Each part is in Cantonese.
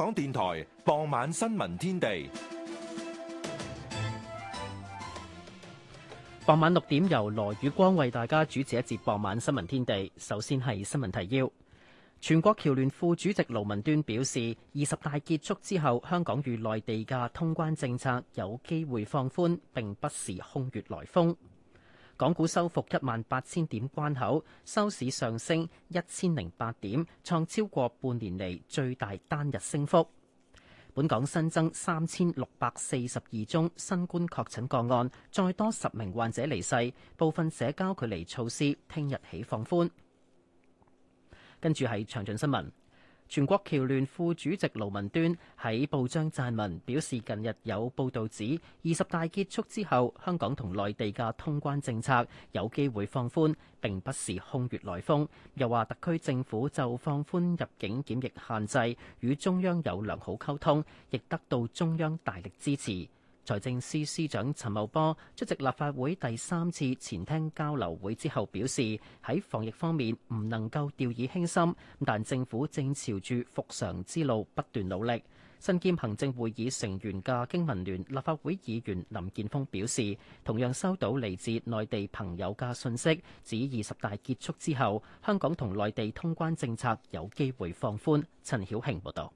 港電台傍晚新聞天地，傍晚六點由羅宇光為大家主持一節傍晚新聞天地。首先係新聞提要，全國僑聯副主席盧文端表示，二十大結束之後，香港與內地嘅通關政策有機會放寬，並不是空穴來風。港股收復一萬八千點關口，收市上升一千零八點，創超過半年嚟最大單日升幅。本港新增三千六百四十二宗新冠確診個案，再多十名患者離世，部分社交距離措施聽日起放寬。跟住係詳盡新聞。全國僑聯副主席盧文端喺報章撰文表示，近日有報道指二十大結束之後，香港同內地嘅通關政策有機會放寬，並不是空穴來風。又話特區政府就放寬入境檢疫限制，與中央有良好溝通，亦得到中央大力支持。財政司司長陳茂波出席立法會第三次前廳交流會之後表示，喺防疫方面唔能夠掉以輕心，但政府正朝住復常之路不斷努力。身兼行政會議成員嘅經民聯立法會議員林健鋒表示，同樣收到嚟自內地朋友嘅信息，指二十大結束之後，香港同內地通關政策有機會放寬。陳曉慶報道。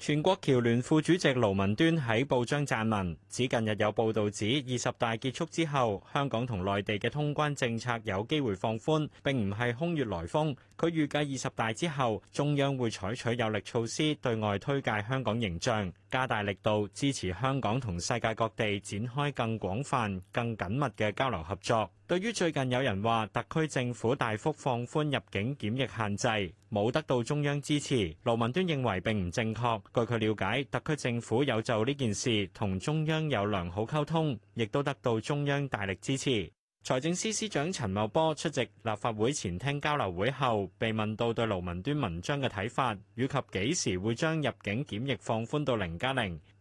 全國僑聯副主席盧文端喺報章撰文，指近日有報道指二十大結束之後，香港同內地嘅通關政策有機會放寬，並唔係空穴來風。佢預計二十大之後，中央會採取有力措施，對外推介香港形象，加大力度支持香港同世界各地展開更廣泛、更緊密嘅交流合作。對於最近有人話特區政府大幅放寬入境檢疫限制，冇得到中央支持，盧文端認為並唔正確。據佢了解，特區政府有就呢件事同中央有良好溝通，亦都得到中央大力支持。財政司司長陳茂波出席立法會前廳交流會後，被問到對盧文端文章嘅睇法，以及幾時會將入境檢疫放寬到零加零。0,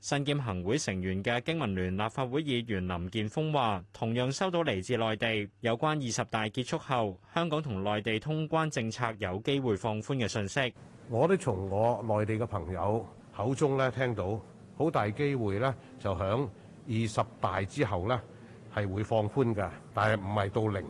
新劍行會成員嘅經民聯立法會議員林健鋒話，同樣收到嚟自內地有關二十大結束後，香港同內地通關政策有機會放寬嘅信息。我都從我內地嘅朋友口中咧，聽到，好大機會咧，就響二十大之後咧，係會放寬嘅，但係唔係到零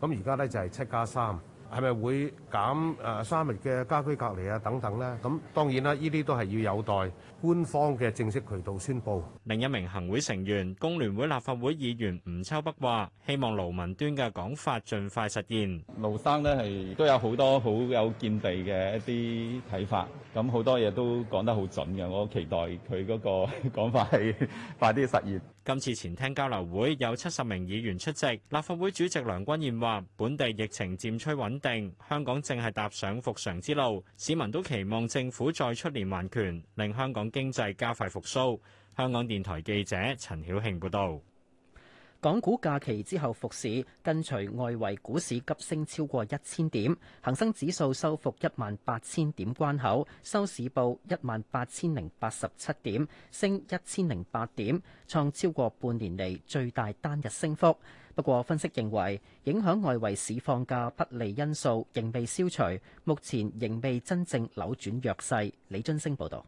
咁。而家咧，就係七加三，係咪會？減誒三日嘅家居隔離啊等等啦，咁當然啦，呢啲都係要有待官方嘅正式渠道宣佈。另一名行會成員、工聯會立法會議員吳秋北話：希望盧文端嘅講法盡快實現。盧生呢係都有好多好有見地嘅一啲睇法，咁好多嘢都講得好準嘅，我期待佢嗰個講法係快啲實現。今次前廳交流會有七十名議員出席，立法會主席梁君彥話：本地疫情漸趨穩定，香港，正係踏上復常之路，市民都期望政府再出連環拳，令香港經濟加快復甦。香港電台記者陳曉慶報導，港股假期之後復市，跟隨外圍股市急升超過一千點，恒生指數收復一萬八千點關口，收市報一萬八千零八十七點，升一千零八點，創超過半年嚟最大單日升幅。不過，分析認為影響外圍市況嘅不利因素仍未消除，目前仍未真正扭轉弱勢。李津升報導，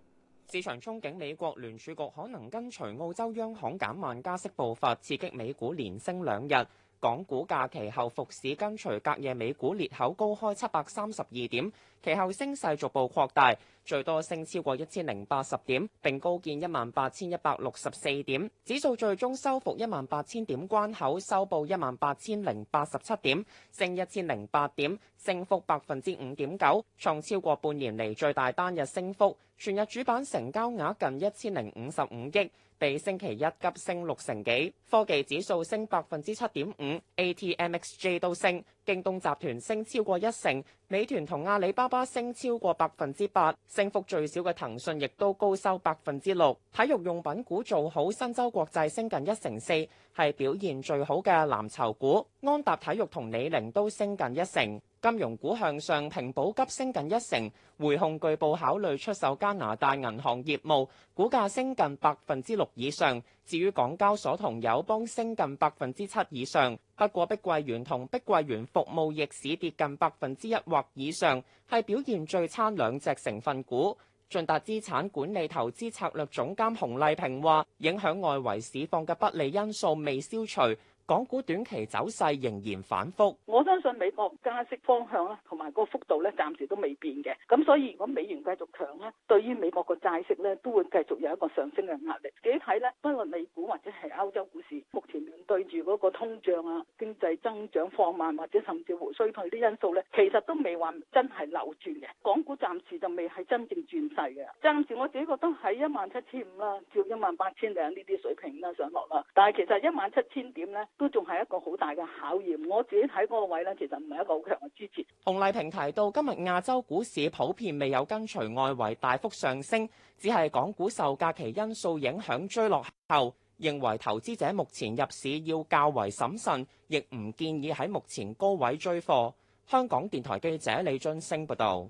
市場憧憬美國聯儲局可能跟隨澳洲央行減慢加息步伐，刺激美股連升兩日。港股假期後復市，跟隨隔夜美股裂口高開七百三十二點，其後升勢逐步擴大。最多升超過一千零八十點，並高見一萬八千一百六十四點。指數最終收復一萬八千點關口，收報一萬八千零八十七點，升一千零八點，升幅百分之五點九，創超過半年嚟最大單日升幅。全日主板成交額近一千零五十五億，比星期一急升六成幾。科技指數升百分之七點五，ATMXJ 都升。京東集團升超過一成，美團同阿里巴巴升超過百分之八，升幅最少嘅騰訊亦都高收百分之六。體育用品股做好，申洲國際升近一成四，係表現最好嘅藍籌股。安踏體育同李寧都升近一成。金融股向上，平保急升近一成，匯控據報考慮出售加拿大銀行業務，股價升近百分之六以上，至於港交所同友邦升近百分之七以上，不過碧桂園同碧桂園服務逆市跌近百分之一或以上，係表現最差兩隻成分股。駿達資產管理投資策略總監洪麗萍話：影響外圍市況嘅不利因素未消除。港股短期走勢仍然反復，我相信美國加息方向啦，同埋個幅度咧暫時都未變嘅。咁所以如果美元繼續強咧，對於美國個債息咧都會繼續有一個上升嘅壓力。自己睇咧，不論美股或者係歐洲股市，目前面對住嗰個通脹啊、經濟增長放慢或者甚至乎衰退啲因素咧，其實都未話真係扭轉嘅。港股暫時就未係真正轉勢嘅，暫時我自己覺得喺一萬七千五啦，至一萬八千零呢啲水平啦上落啦。但係其實一萬七千點咧。都仲係一個好大嘅考驗，我自己睇嗰個位呢，其實唔係一個好強嘅支持。洪麗萍提到，今日亞洲股市普遍未有跟隨外圍大幅上升，只係港股受假期因素影響追落後。認為投資者目前入市要較為審慎，亦唔建議喺目前高位追貨。香港電台記者李俊升報道。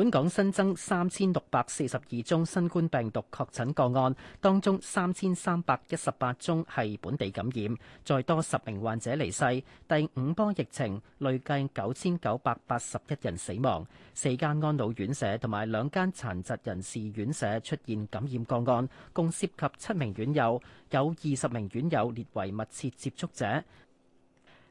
本港新增三千六百四十二宗新冠病毒確診個案，當中三千三百一十八宗係本地感染，再多十名患者離世。第五波疫情累計九千九百八十一人死亡。四間安老院舍同埋兩間殘疾人士院舍出現感染個案，共涉及七名院友，有二十名院友列為密切接觸者。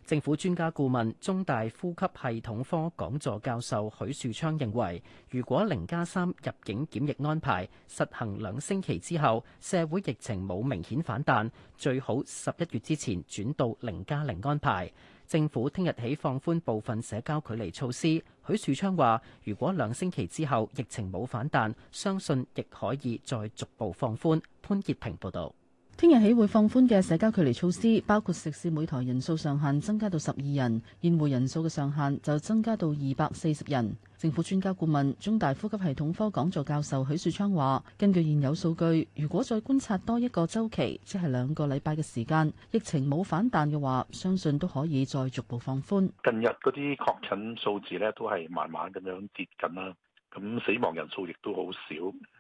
政府專家顧問、中大呼吸系統科講座教授許樹昌認為，如果零加三入境檢疫安排實行兩星期之後，社會疫情冇明顯反彈，最好十一月之前轉到零加零安排。政府聽日起放寬部分社交距離措施。許樹昌話：如果兩星期之後疫情冇反彈，相信亦可以再逐步放寬。潘潔平報道。聽日起會放寬嘅社交距離措施，包括食肆每枱人數上限增加到十二人，宴會人數嘅上限就增加到二百四十人。政府專家顧問、中大呼吸系統科講座教授許樹昌話，根據現有數據，如果再觀察多一個週期，即係兩個禮拜嘅時間，疫情冇反彈嘅話，相信都可以再逐步放寬。近日嗰啲確診數字咧，都係慢慢咁樣跌緊啦。咁死亡人數亦都好少，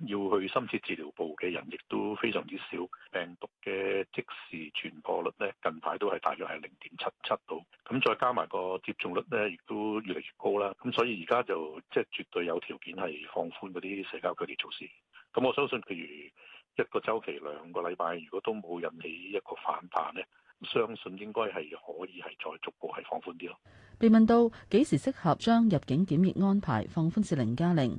要去深切治療部嘅人亦都非常之少，病毒嘅即時傳播率呢，近排都係大約係零點七七度，咁再加埋個接種率呢，亦都越嚟越高啦。咁所以而家就即係、就是、絕對有條件係放寬嗰啲社交距離措施。咁我相信譬如一個週期兩個禮拜，如果都冇引起一個反彈呢。相信應該係可以係再逐步係放寬啲咯。被問到幾時適合將入境檢疫安排放寬至零加零，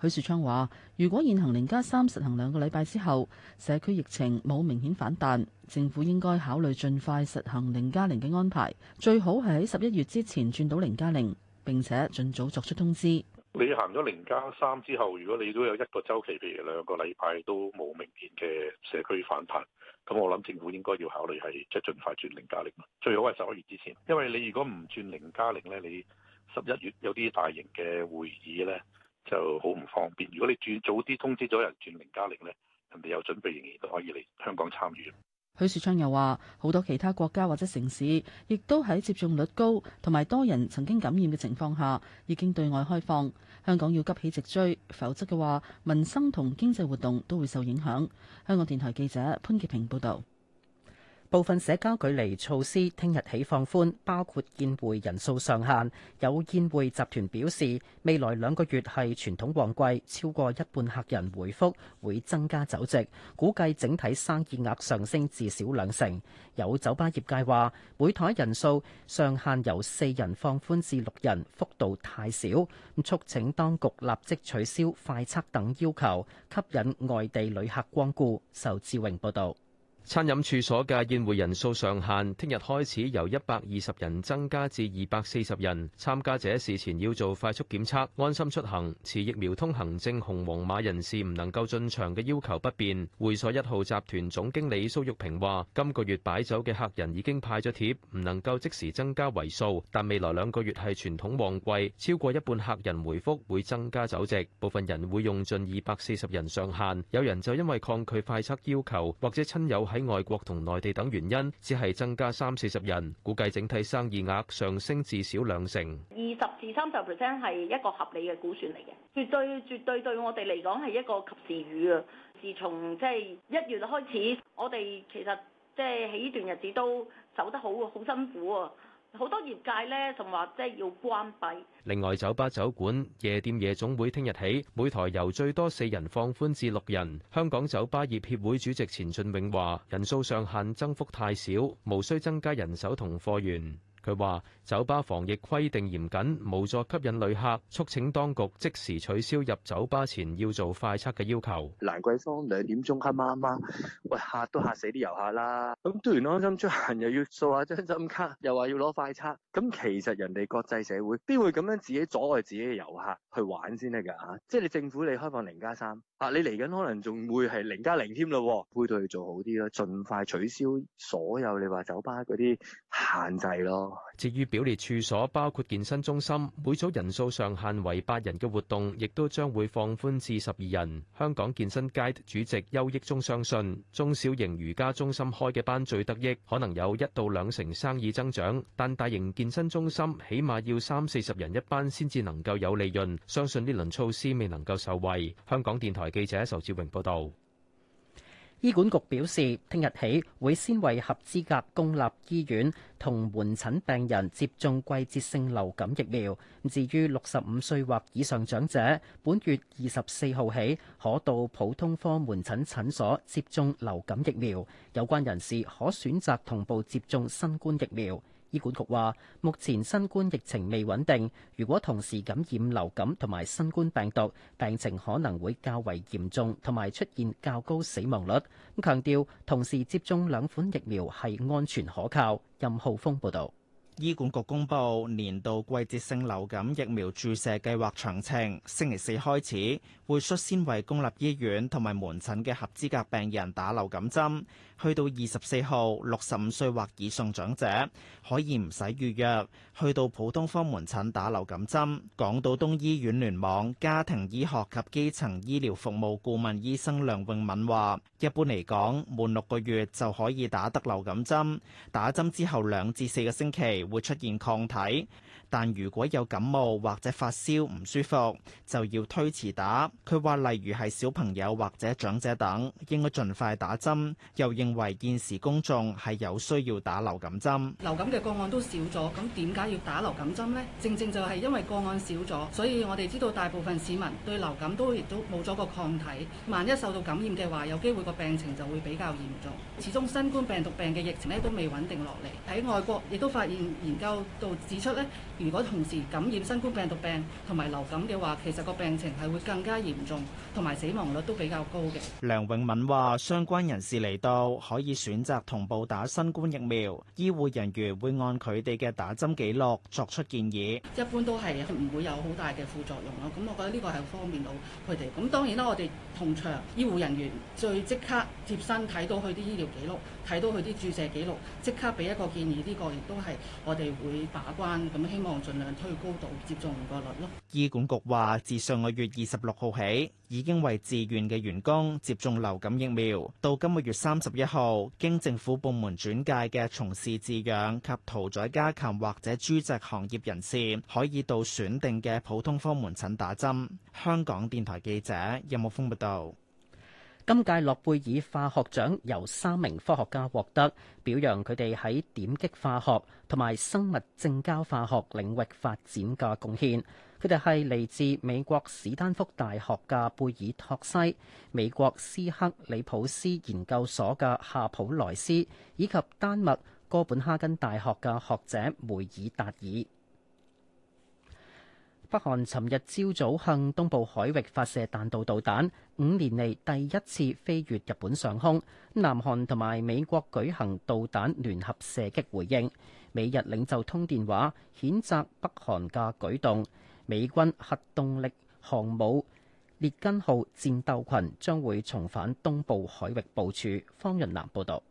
許樹昌話：如果現行零加三實行兩個禮拜之後，社區疫情冇明顯反彈，政府應該考慮盡快實行零加零嘅安排，最好係喺十一月之前轉到零加零，並且盡早作出通知。你行咗零加三之後，如果你都有一個週期，譬如兩個禮拜都冇明顯嘅社區反彈。咁我諗政府應該要考慮係即係盡快轉零加零啦，最好係十一月之前。因為你如果唔轉零加零呢，你十一月有啲大型嘅會議呢就好唔方便。如果你轉早啲通知咗人轉零加零呢，人哋有準備仍然都可以嚟香港參與。許樹昌又話，好多其他國家或者城市，亦都喺接種率高同埋多人曾經感染嘅情況下，已經對外開放。香港要急起直追，否則嘅話，民生同經濟活動都會受影響。香港電台記者潘潔平報道。部分社交距離措施聽日起放寬，包括宴會人數上限。有宴會集團表示，未來兩個月係傳統旺季，超過一半客人回覆會增加酒席，估計整體生意額上升至少兩成。有酒吧業界話，每枱人數上限由四人放寬至六人，幅度太少，促請當局立即取消快測等要求，吸引外地旅客光顧。仇志榮報導。餐飲處所嘅宴會人數上限，聽日開始由一百二十人增加至二百四十人。參加者事前要做快速檢測，安心出行，持疫苗通行證、紅黃碼人士唔能夠進場嘅要求不變。會所一號集團總經理蘇玉萍話：今個月擺酒嘅客人已經派咗帖，唔能夠即時增加圍數，但未來兩個月係傳統旺季，超過一半客人回覆會增加酒席，部分人會用盡二百四十人上限，有人就因為抗拒快測要求或者親友喺外國同內地等原因，只係增加三四十人，估計整體生意額上升至少兩成，二十至三十 percent 係一個合理嘅估算，嚟嘅，絕對絕對對我哋嚟講係一個及時雨啊！自從即係一月開始，我哋其實即係喺呢段日子都走得好好辛苦啊！好多業界呢，就話即係要關閉。另外，酒吧、酒館、夜店、夜總會，聽日起每台由最多四人放寬至六人。香港酒吧業協會主席錢俊永話，人數上限增幅太少，無需增加人手同貨源。佢話：酒吧防疫規定嚴謹，冇助吸引旅客，促請當局即時取消入酒吧前要做快測嘅要求。蘭桂坊兩點鐘黑麻麻，喂，嚇都嚇死啲遊客啦！咁突然安心出行，又要掃下張針卡，又話要攞快測，咁其實人哋國際社會邊會咁樣自己阻礙自己嘅遊客去玩先得㗎？嚇、啊！即係你政府，你開放零加三嚇，你嚟緊可能仲會係零加零添咯，配套要做好啲咯，盡快取消所有你話酒吧嗰啲限制咯。至於表列，處所，包括健身中心，每組人數上限為八人嘅活動，亦都將會放寬至十二人。香港健身界主席邱益中相信，中小型瑜伽中心開嘅班最得益，可能有一到兩成生意增長。但大型健身中心起碼要三四十人一班先至能夠有利潤，相信呢輪措施未能夠受惠。香港電台記者仇志榮報道。醫管局表示，聽日起會先為合資格公立醫院同門診病人接種季節性流感疫苗。至於六十五歲或以上長者，本月二十四號起可到普通科門診診所接種流感疫苗，有關人士可選擇同步接種新冠疫苗。醫管局話：目前新冠疫情未穩定，如果同時感染流感同埋新冠病毒，病情可能會較為嚴重，同埋出現較高死亡率。咁強調同時接種兩款疫苗係安全可靠。任浩峰報導。醫管局公布年度季節性流感疫苗注射計劃詳情，星期四開始會率先為公立醫院同埋門診嘅合資格病人打流感針，去到二十四號六十五歲或以上長者可以唔使預約去到普通科門診打流感針。港島東醫院聯網家庭醫學及基層醫療服務顧問醫生梁永敏話：一般嚟講，滿六個月就可以打得流感針，打針之後兩至四個星期。會出現抗體。但如果有感冒或者發燒唔舒服，就要推遲打。佢話，例如係小朋友或者長者等，應該盡快打針。又認為現時公眾係有需要打流感針。流感嘅個案都少咗，咁點解要打流感針呢？正正就係因為個案少咗，所以我哋知道大部分市民對流感都亦都冇咗個抗體。萬一受到感染嘅話，有機會個病情就會比較嚴重。始終新冠病毒病嘅疫情呢都未穩定落嚟，喺外國亦都發現研究度指出呢。如果同時感染新冠病毒病同埋流感嘅話，其實個病情係會更加嚴重，同埋死亡率都比較高嘅。梁永敏話：相關人士嚟到，可以選擇同步打新冠疫苗。醫護人員會按佢哋嘅打針記錄作出建議。一般都係唔會有好大嘅副作用咯。咁我覺得呢個係方便到佢哋。咁當然啦，我哋同場醫護人員最即刻貼身睇到佢啲醫療記錄。睇到佢啲注射記錄，即刻俾一個建議，呢個亦都係我哋會把關，咁希望盡量推高度接種個率咯。醫管局話自上個月二十六號起，已經為自願嘅員工接種流感疫苗。到今個月三十一號，經政府部門轉介嘅從事飼養及屠宰家禽或者豬隻行業人士，可以到選定嘅普通科門診打針。香港電台記者任木峯報道。有今屆諾貝爾化學獎由三名科學家獲得，表揚佢哋喺點擊化學同埋生物正交化學領域發展嘅貢獻。佢哋係嚟自美國史丹福大學嘅貝爾托西、美國斯克里普斯研究所嘅夏普萊斯，以及丹麥哥本哈根大學嘅學者梅爾達爾。北韓尋日朝早向東部海域發射彈道導彈，五年嚟第一次飛越日本上空。南韓同埋美國舉行導彈聯合射擊回應。美日領袖通電話譴責北韓嘅舉動。美軍核動力航母列根號戰鬥群將會重返東部海域部署。方潤南報導。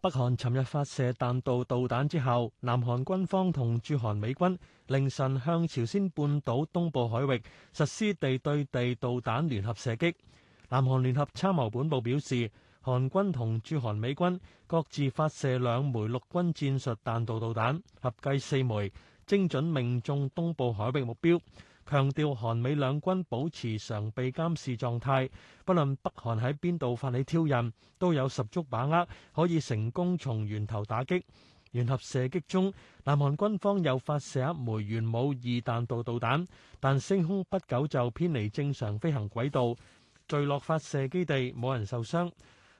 北韓尋日發射彈道導彈之後，南韓軍方同駐韓美軍凌晨向朝鮮半島東部海域實施地對地導彈聯合射擊。南韓聯合參謀本部表示，韓軍同駐韓美軍各自發射兩枚陸軍戰術彈道導彈，合計四枚，精準命中東部海域目標。強調韓美兩軍保持常備監視狀態，不論北韓喺邊度發起挑釁，都有十足把握可以成功從源頭打擊。聯合射擊中，南韓軍方又發射一枚元武二彈道導彈，但升空不久就偏離正常飛行軌道，墜落發射基地，冇人受傷。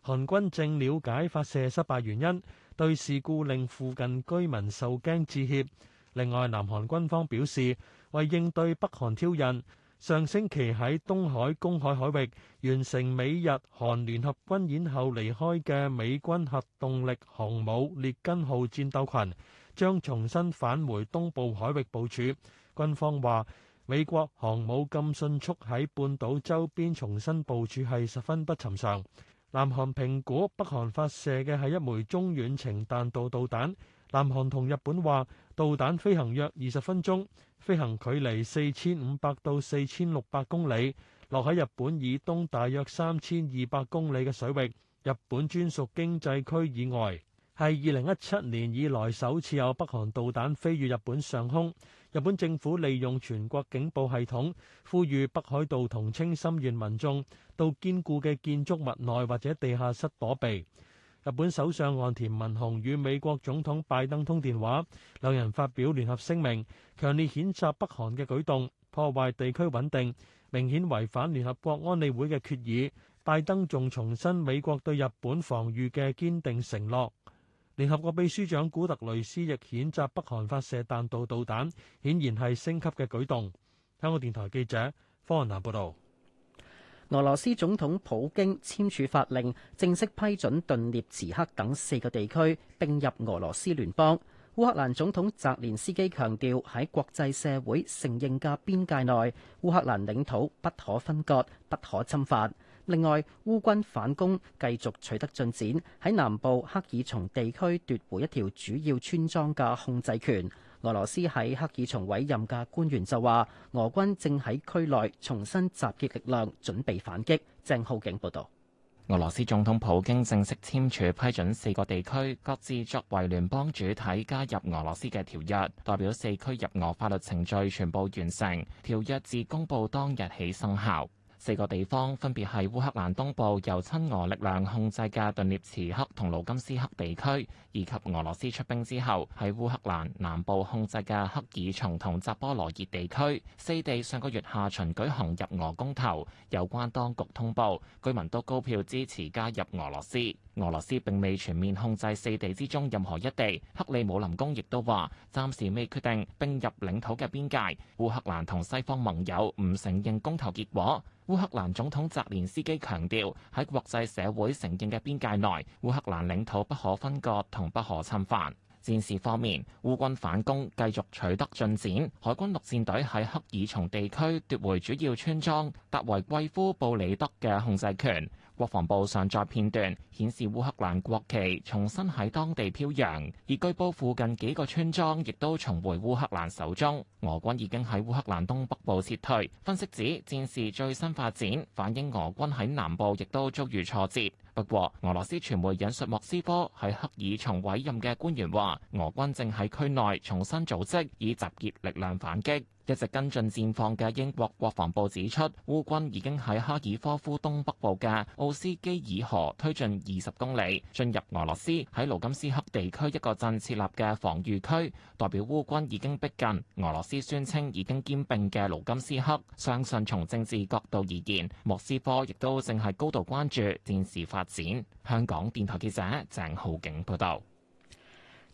韓軍正了解發射失敗原因，對事故令附近居民受驚致歉。另外，南韓軍方表示：為應對北韓挑釁，上星期喺東海公海海域完成美日韓聯合軍演後離開嘅美軍核動力航母列根號戰鬥群，將重新返回東部海域部署。軍方話，美國航母咁迅速喺半島周邊重新部署係十分不尋常。南韓評估北韓發射嘅係一枚中遠程彈道導彈。南韓同日本話導彈飛行約二十分鐘，飛行距離四千五百到四千六百公里，落喺日本以東大約三千二百公里嘅水域，日本專屬經濟區以外，係二零一七年以來首次有北韓導彈飛越日本上空。日本政府利用全國警報系統，呼籲北海道同青森縣民眾到堅固嘅建築物內或者地下室躲避。日本首相岸田文雄與美國總統拜登通電話，兩人發表聯合聲明，強烈譴責北韓嘅舉動破壞地區穩定，明顯違反聯合國安理會嘅決議，拜登仲重申美國對日本防御嘅堅定承諾，聯合國秘書長古特雷斯亦譴責北韓發射彈道導彈顯然係升級嘅舉動，香港電台記者方南報道。俄羅斯總統普京簽署法令，正式批准頓涅茨克等四個地區併入俄羅斯聯邦。烏克蘭總統澤連斯基強調，喺國際社會承認嘅邊界內，烏克蘭領土不可分割，不可侵犯。另外，烏軍反攻繼續取得進展，喺南部克爾松地區奪回一條主要村莊嘅控制權。俄羅斯喺克爾松委任嘅官員就話，俄軍正喺區內重新集結力量，準備反擊。鄭浩景報道。俄羅斯總統普京正式簽署批准四個地區各自作為聯邦主體加入俄羅斯嘅條約，代表四區入俄法律程序全部完成。條約自公布當日起生效。四個地方分別係烏克蘭東部由親俄力量控制嘅頓涅茨克同盧甘斯克地區，以及俄羅斯出兵之後喺烏克蘭南部控制嘅克爾松同扎波羅熱地區。四地上個月下旬舉行入俄公投，有關當局通報居民都高票支持加入俄羅斯。俄羅斯並未全面控制四地之中任何一地。克里姆林宮亦都話暫時未決定並入領土嘅邊界。烏克蘭同西方盟友唔承認公投結果。烏克蘭總統澤連斯基強調喺國際社會承認嘅邊界內，烏克蘭領土不可分割同不可侵犯。戰事方面，烏軍反攻繼續取得進展，海軍陸戰隊喺克爾松地區奪回主要村莊達維季夫布里德嘅控制權。國防部上載片段顯示烏克蘭國旗重新喺當地飄揚，而居布附近幾個村莊亦都重回烏克蘭手中。俄軍已經喺烏克蘭東北部撤退。分析指戰事最新發展反映俄軍喺南部亦都遭遇挫折。不過俄羅斯傳媒引述莫斯科喺克爾松委任嘅官員話，俄軍正喺區內重新組織，以集結力量反擊。一直跟進戰況嘅英國國防部指出，烏軍已經喺哈爾科夫東北部嘅奧斯基爾河推進二十公里，進入俄羅斯喺盧甘斯克地區一個鎮設立嘅防禦區，代表烏軍已經逼近俄羅斯宣稱已經兼併嘅盧甘斯克。相信從政治角度而言，莫斯科亦都正係高度關注戰事發展。香港電台記者鄭浩景報道。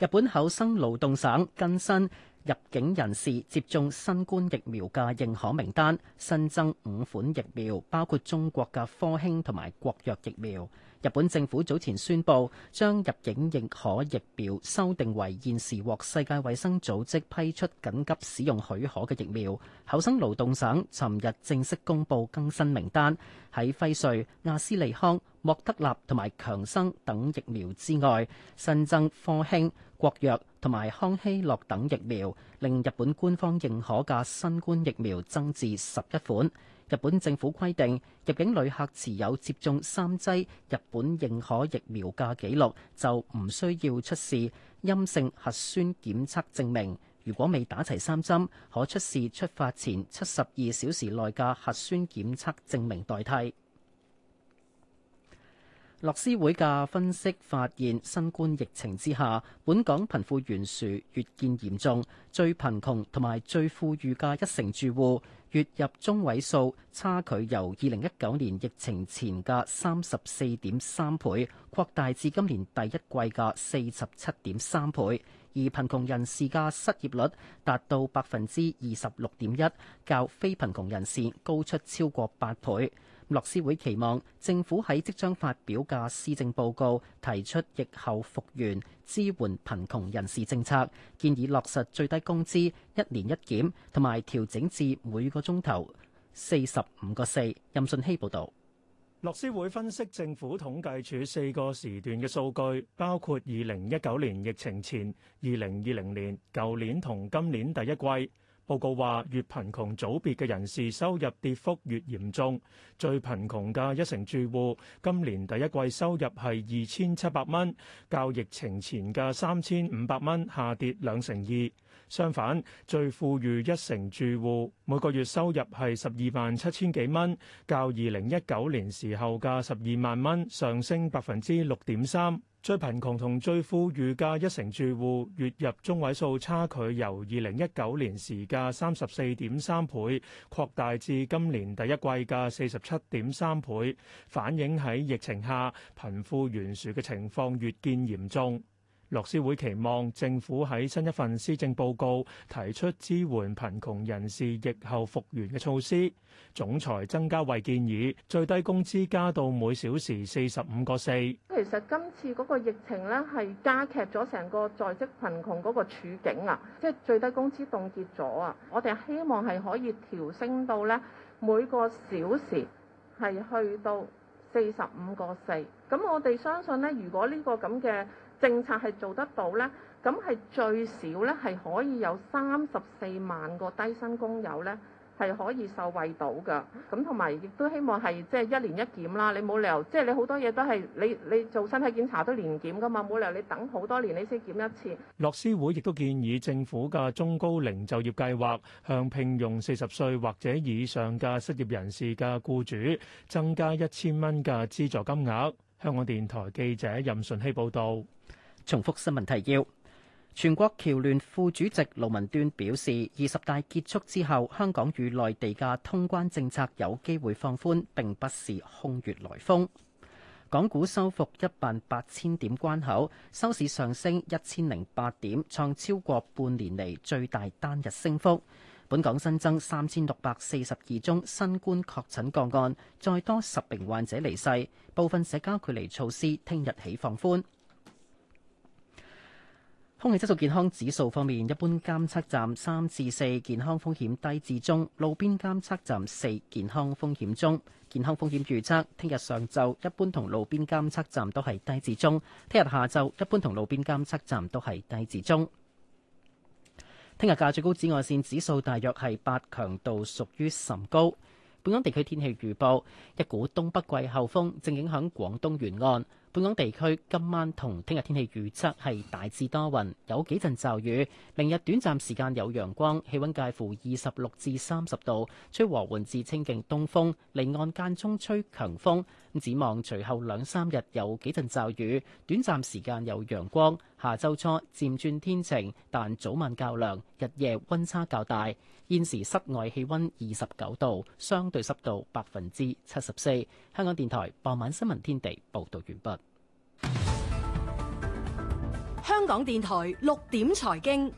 日本厚生勞動省更新。入境人士接種新冠疫苗嘅認可名單新增五款疫苗，包括中國嘅科興同埋國藥疫苗。日本政府早前宣布將入境認可疫苗修訂為現時獲世界衛生組織批出緊急使用許可嘅疫苗。厚生勞動省尋日正式公布更新名單，喺輝瑞、亞斯利康、莫德納同埋強生等疫苗之外，新增科興、國藥。同埋康希諾等疫苗，令日本官方認可嘅新冠疫苗增至十一款。日本政府規定，入境旅客持有接種三劑日本認可疫苗嘅記錄，就唔需要出示陰性核酸檢測證明。如果未打齊三針，可出示出發前七十二小時內嘅核酸檢測證明代替。樂施會嘅分析發現，新冠疫情之下，本港貧富懸殊越見嚴重。最貧窮同埋最富裕嘅一成住戶，月入中位數差距由二零一九年疫情前嘅三十四點三倍，擴大至今年第一季嘅四十七點三倍。而貧窮人士嘅失業率達到百分之二十六點一，較非貧窮人士高出超過八倍。樂施會期望政府喺即將發表嘅施政報告提出疫後復原、支援貧窮人士政策，建議落實最低工資一年一檢，同埋調整至每個鐘頭四十五個四。任信希報導。樂施會分析政府統計處四個時段嘅數據，包括二零一九年疫情前、二零二零年、舊年同今年第一季。報告話，越貧窮組別嘅人士收入跌幅越嚴重，最貧窮嘅一成住戶今年第一季收入係二千七百蚊，較疫情前嘅三千五百蚊下跌兩成二。相反，最富裕一成住戶每個月收入係十二萬七千幾蚊，較二零一九年時候嘅十二萬蚊上升百分之六點三。最貧窮同最富裕嘅一成住戶月入中位數差距由二零一九年時嘅三十四點三倍擴大至今年第一季嘅四十七點三倍，反映喺疫情下貧富懸殊嘅情況越見嚴重。樂施會期望政府喺新一份施政報告提出支援貧窮人士疫後復原嘅措施。總裁曾迦慧建議最低工資加到每小時四十五個四。其實今次嗰個疫情咧係加劇咗成個在職貧窮嗰個處境啊，即係最低工資凍結咗啊。我哋希望係可以調升到咧每個小時係去到四十五個四。咁我哋相信咧，如果呢個咁嘅政策係做得到咧，咁係最少咧係可以有三十四萬個低薪工友咧係可以受惠到㗎。咁同埋亦都希望係即係一年一檢啦，你冇理由即係你好多嘢都係你你做身體檢查都年檢㗎嘛，冇理由你等好多年你先檢一次。律師會亦都建議政府嘅中高齡就業計劃向聘用四十歲或者以上嘅失業人士嘅雇主增加一千蚊嘅資助金額。香港電台記者任順希報導。重複新聞提要。全國僑聯副主席盧文端表示，二十大結束之後，香港與內地嘅通關政策有機會放寬，並不是空穴來風。港股收復一萬八千點關口，收市上升一千零八點，創超過半年嚟最大單日升幅。本港新增三千六百四十二宗新冠確診個案，再多十名患者離世。部分社交距離措施聽日起放寬。空氣質素健康指數方面，一般監測站三至四，健康風險低至中；路邊監測站四，健康風險中。健康風險預測：聽日上晝一般同路邊監測站都係低至中；聽日下晝一般同路邊監測站都係低至中。聽日嘅最高紫外線指數大約係八，強度屬於甚高。本港地區天氣預報：一股東北季候風正影響廣東沿岸。本港地區今晚同聽日天氣預測係大致多雲，有幾陣驟雨。明日短暫時間有陽光，氣温介乎二十六至三十度，吹和緩至清勁東風，離岸間中吹強風。咁指望隨後兩三日有幾陣驟雨，短暫時間有陽光。下周初漸轉天晴，但早晚較涼，日夜温差較大。現時室外氣温二十九度，相對濕度百分之七十四。香港電台傍晚新聞天地報道完畢。香港電台六點財經，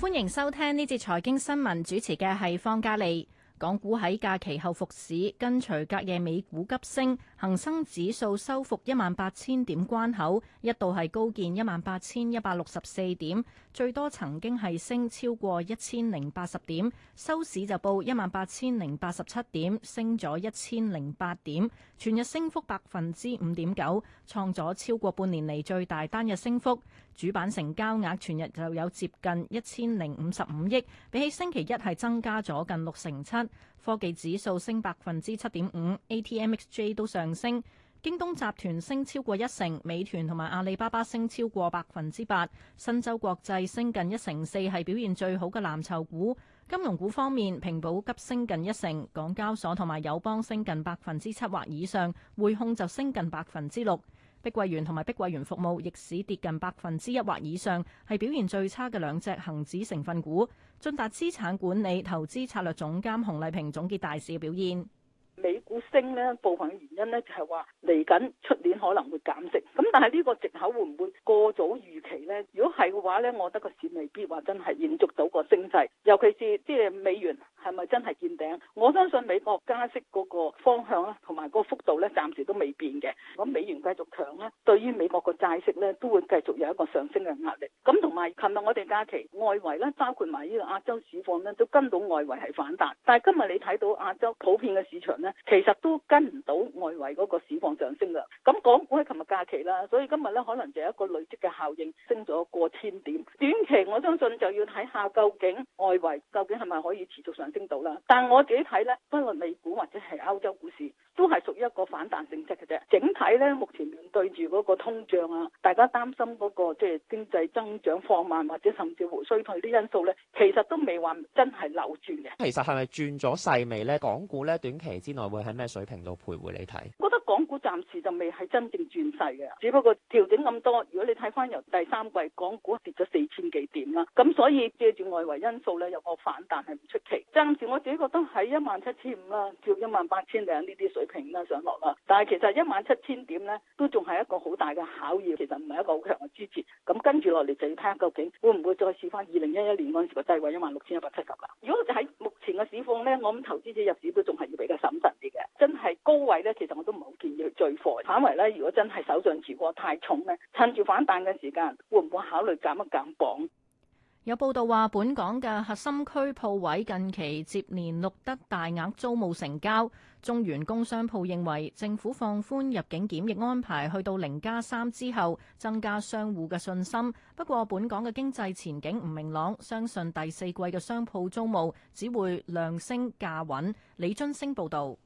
歡迎收聽呢節財經新聞，主持嘅係方嘉利。港股喺假期後復市，跟隨隔夜美股急升，恒生指數收復一萬八千點關口，一度係高見一萬八千一百六十四點。最多曾經係升超過一千零八十點，收市就報一萬八千零八十七點，升咗一千零八點，全日升幅百分之五點九，創咗超過半年嚟最大單日升幅。主板成交額全日就有接近一千零五十五億，比起星期一係增加咗近六成七。科技指數升百分之七點五，ATMXJ 都上升。京東集團升超過一成，美團同埋阿里巴巴升超過百分之八，新洲國際升近一成四，係表現最好嘅藍籌股。金融股方面，平保急升近一成，港交所同埋友邦升近百分之七或以上，匯控就升近百分之六。碧桂園同埋碧桂園服務逆市跌近百分之一或以上，係表現最差嘅兩隻恒指成分股。晉達資產管理投資策略總監洪麗萍總結大市嘅表現。美股升呢部分嘅原因呢，就係話嚟緊出年可能會減息，咁但係呢個借口會唔會過早預期呢？如果係嘅話呢，我覺得個市未必話真係延續到個升勢，尤其是即係美元係咪真係見頂？我相信美國加息嗰個方向咧，同埋個幅度呢，暫時都未變嘅。咁美元繼續強呢，對於美國個債息呢，都會繼續有一個上升嘅壓力。咁同埋，琴日我哋假期外圍呢，包括埋呢個亞洲市況呢，都跟到外圍係反彈。但係今日你睇到亞洲普遍嘅市場呢。其實都跟唔到外圍嗰個市況上升啦，咁港股喺琴日假期啦，所以今日咧可能就係一個累積嘅效應，升咗過千點。短期我相信就要睇下究竟外圍究竟係咪可以持續上升到啦，但我自己睇咧不論美股或者係歐洲股市，都係屬於一個反彈性質嘅啫。整體咧目前。對住嗰個通脹啊，大家擔心嗰、嗰個即係經濟增長放慢或者甚至乎衰退啲因素咧，其實都未話真係扭轉嘅。其實係咪轉咗勢微咧？港股咧短期之內會喺咩水平度徘徊你？你睇，我覺得港股暫就未係真正轉勢嘅，只不過調整咁多。如果你睇翻由第三季，港股跌咗四千幾點啦，咁所以借住外圍因素咧，有個反彈係唔出奇。暫時我自己覺得喺一萬七千五啦，至一萬八千零呢啲水平啦上落啦。但係其實一萬七千點咧，都仲係一個好大嘅考驗，其實唔係一個好強嘅支持。咁跟住落嚟就要睇下究竟會唔會再試翻二零一一年嗰時個低位一萬六千一百七十啦。如果喺目前嘅市況咧，我諗投資者入市都仲係要比較審慎啲嘅。真係高位咧，其實我都唔好建議去追反為咧，如果真係手上持貨太重咧，趁住反彈嘅時間，會唔會考慮減一減磅？有報道話，本港嘅核心區鋪位近期接連錄得大額租務成交。中原工商鋪認為，政府放寬入境檢疫安排去到零加三之後，增加商戶嘅信心。不過，本港嘅經濟前景唔明朗，相信第四季嘅商鋪租務只會量升價穩。李津星報導。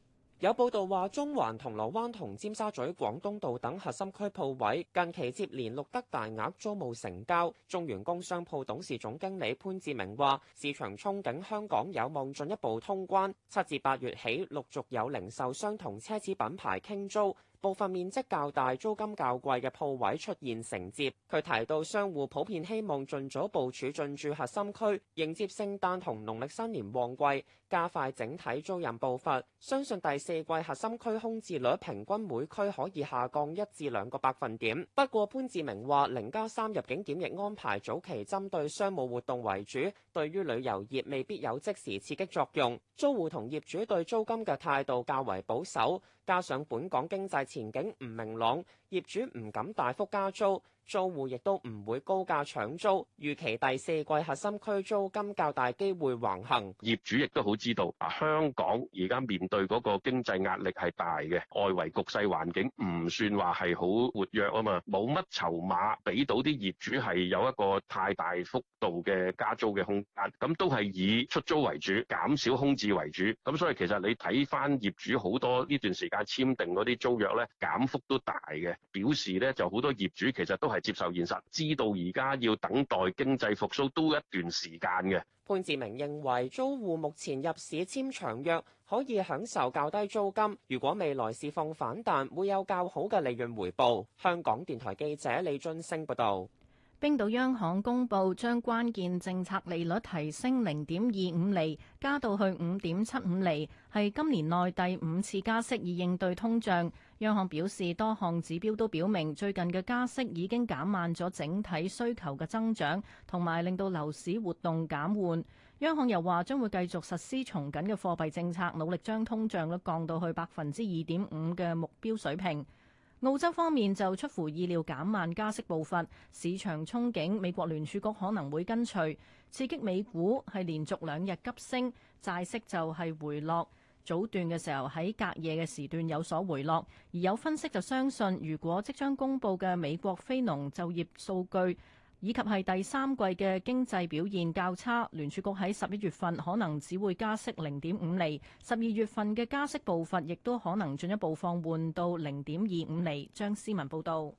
有報道話，中環銅鑼灣同尖沙咀廣東道等核心區鋪位近期接連錄得大額租務成交。中原工商鋪董事總經理潘志明話：市場憧憬香港有望進一步通關，七至八月起陸續有零售商同奢侈品牌傾租，部分面積較大、租金較貴嘅鋪位出現承接。佢提到，商戶普遍希望盡早部署進駐核心區，迎接聖誕同農曆新年旺季。加快整體租賃步伐，相信第四季核心區空置率平均每區可以下降一至兩個百分點。不過潘志明話，零加三入境檢疫安排早期針對商務活動為主，對於旅遊業未必有即時刺激作用。租戶同業主對租金嘅態度較為保守，加上本港經濟前景唔明朗，業主唔敢大幅加租。租戶亦都唔會高價搶租，預期第四季核心區租金較大機會橫行。業主亦都好知道，啊香港而家面對嗰個經濟壓力係大嘅，外圍局勢環境唔算話係好活躍啊嘛，冇乜籌碼俾到啲業主係有一個太大幅度嘅加租嘅空間，咁、啊、都係以出租為主，減少空置為主。咁所以其實你睇翻業主好多呢段時間簽訂嗰啲租約咧，減幅都大嘅，表示咧就好多業主其實都。係接受現實，知道而家要等待經濟復甦都一段時間嘅。潘志明認為租戶目前入市簽長約，可以享受較低租金。如果未來市況反彈，會有較好嘅利潤回報。香港電台記者李津升報道。冰島央行公布將關鍵政策利率提升零點二五厘，加到去五點七五厘，係今年內第五次加息，以應對通脹。央行表示，多項指標都表明，最近嘅加息已經減慢咗整體需求嘅增長，同埋令到樓市活動減緩。央行又話，將會繼續實施從緊嘅貨幣政策，努力將通脹率降到去百分之二點五嘅目標水平。澳洲方面就出乎意料減慢加息步伐，市場憧憬美國聯儲局可能會跟隨，刺激美股係連續兩日急升，債息就係回落。早段嘅時候喺隔夜嘅時段有所回落，而有分析就相信，如果即將公布嘅美國非農就業數據以及係第三季嘅經濟表現較差，聯儲局喺十一月份可能只會加息零點五厘，十二月份嘅加息步伐亦都可能進一步放緩到零點二五厘。張思文報道。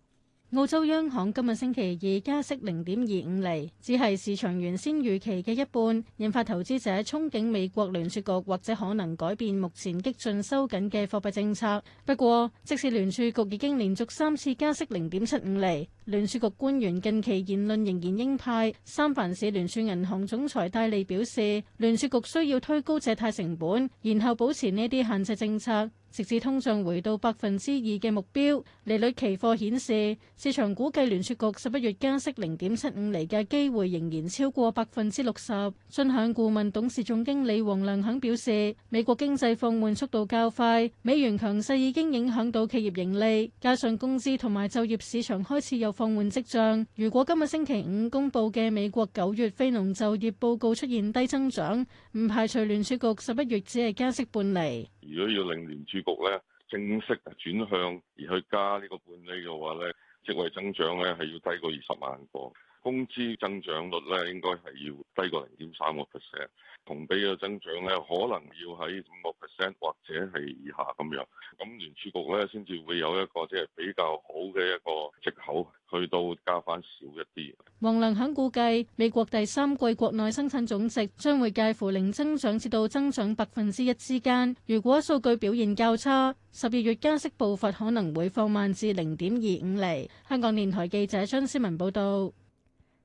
澳洲央行今日星期二加息零點二五厘，只係市場原先預期嘅一半，引發投資者憧憬美國聯儲局或者可能改變目前激進收緊嘅貨幣政策。不過即使聯儲局已經連續三次加息零點七五厘。聯儲局官員近期言論仍然鷹派。三藩市聯署銀行總裁戴利表示，聯儲局需要推高借貸成本，然後保持呢啲限制政策，直至通脹回到百分之二嘅目標。利率期貨顯示，市場估計聯儲局十一月加息零點七五厘嘅機會仍然超過百分之六十。信向顧問董事總經理王亮肯表示，美國經濟放緩速度較快，美元強勢已經影響到企業盈利，加上工資同埋就業市場開始有。放緩跡象。如果今日星期五公布嘅美國九月非農就業報告出現低增長，唔排除聯儲局十一月只係加息半厘。如果要令聯儲局咧正式轉向而去加呢個半厘嘅話咧，職位增長咧係要低過二十萬個。工資增長率咧，應該係要低過零點三個 percent，同比嘅增長咧，可能要喺五個 percent 或者係以下咁樣。咁聯儲局咧，先至會有一個即係比較好嘅一個藉口，去到加翻少一啲。黃良肯估計，美國第三季國內生產總值將會介乎零增長至到增長百分之一之間。如果數據表現較差，十二月加息步伐可能會放慢至零點二五厘。香港電台記者張思文報道。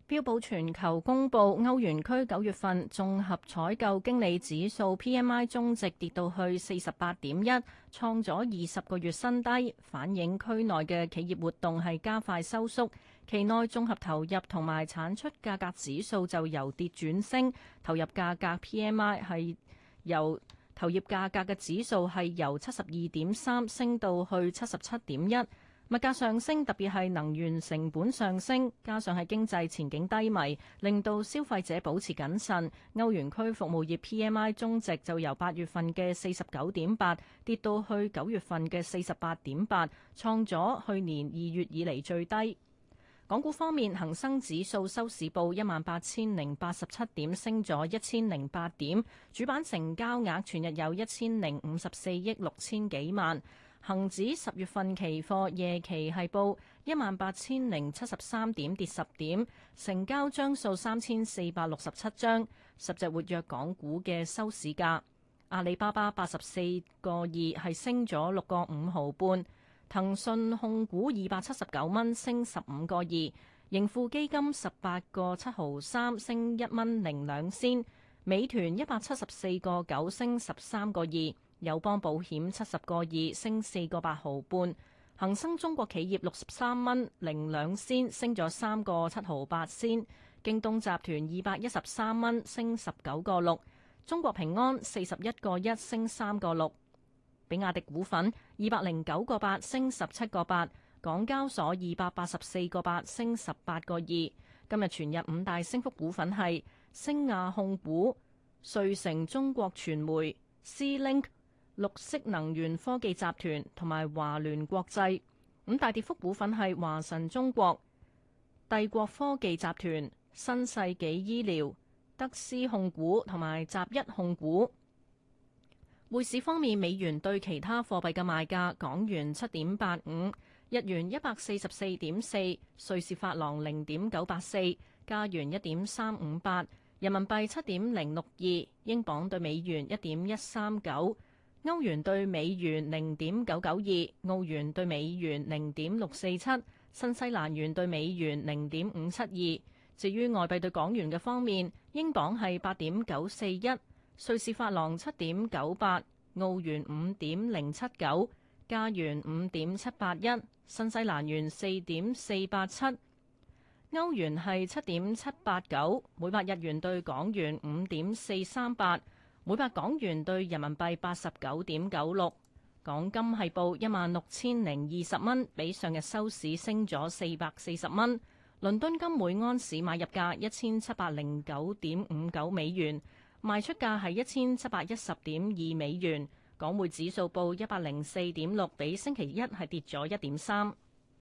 標普全球公布歐元區九月份綜合採購經理指數 PMI 終值跌到去四十八點一，創咗二十個月新低，反映區內嘅企業活動係加快收縮。期內綜合投入同埋產出價格指數就由跌轉升，投入價格 PMI 係由投入價格嘅指數係由七十二點三升到去七十七點一。物價上升，特別係能源成本上升，加上係經濟前景低迷，令到消費者保持謹慎。歐元區服務業 PMI 終值就由八月份嘅四十九點八跌到去九月份嘅四十八點八，創咗去年二月以嚟最低。港股方面，恒生指數收市報一萬八千零八十七點，升咗一千零八點。主板成交額全日有一千零五十四億六千幾萬。恒指十月份期貨夜期係報一萬八千零七十三點，跌十點，成交張數三千四百六十七張。十隻活躍港股嘅收市價：阿里巴巴八十四個二係升咗六個五毫半，騰訊控股二百七十九蚊升十五個二，盈富基金十八個七毫三升一蚊零兩仙，美團一百七十四個九升十三個二。友邦保險七十個二升四個八毫半，恒生中國企業六十三蚊零兩仙升咗三個七毫八仙，京東集團二百一十三蚊升十九個六，中國平安四十一個一升三個六，比亞迪股份二百零九個八升十七個八，港交所二百八十四個八升十八個二。今日全日五大升幅股份係星亞控股、瑞城中國傳媒、C Link。綠色能源科技集團同埋華聯國際。五大跌幅股份係華晨中國、帝國科技集團、新世紀醫療、德斯控股同埋集一控股。匯市方面，美元對其他貨幣嘅賣價：港元七點八五，日元一百四十四點四，瑞士法郎零點九八四，加元一點三五八，人民幣七點零六二，英鎊對美元一點一三九。歐元對美元零點九九二，澳元對美元零點六四七，新西蘭元對美元零點五七二。至於外幣對港元嘅方面，英鎊係八點九四一，瑞士法郎七點九八，澳元五點零七九，加元五點七八一，新西蘭元四點四八七，歐元係七點七八九，每百日元對港元五點四三八。每百港元兌人民幣八十九點九六，港金係報一萬六千零二十蚊，比上日收市升咗四百四十蚊。倫敦金每安士買入價一千七百零九點五九美元，賣出價係一千七百一十點二美元。港匯指數報一百零四點六，比星期一係跌咗一點三。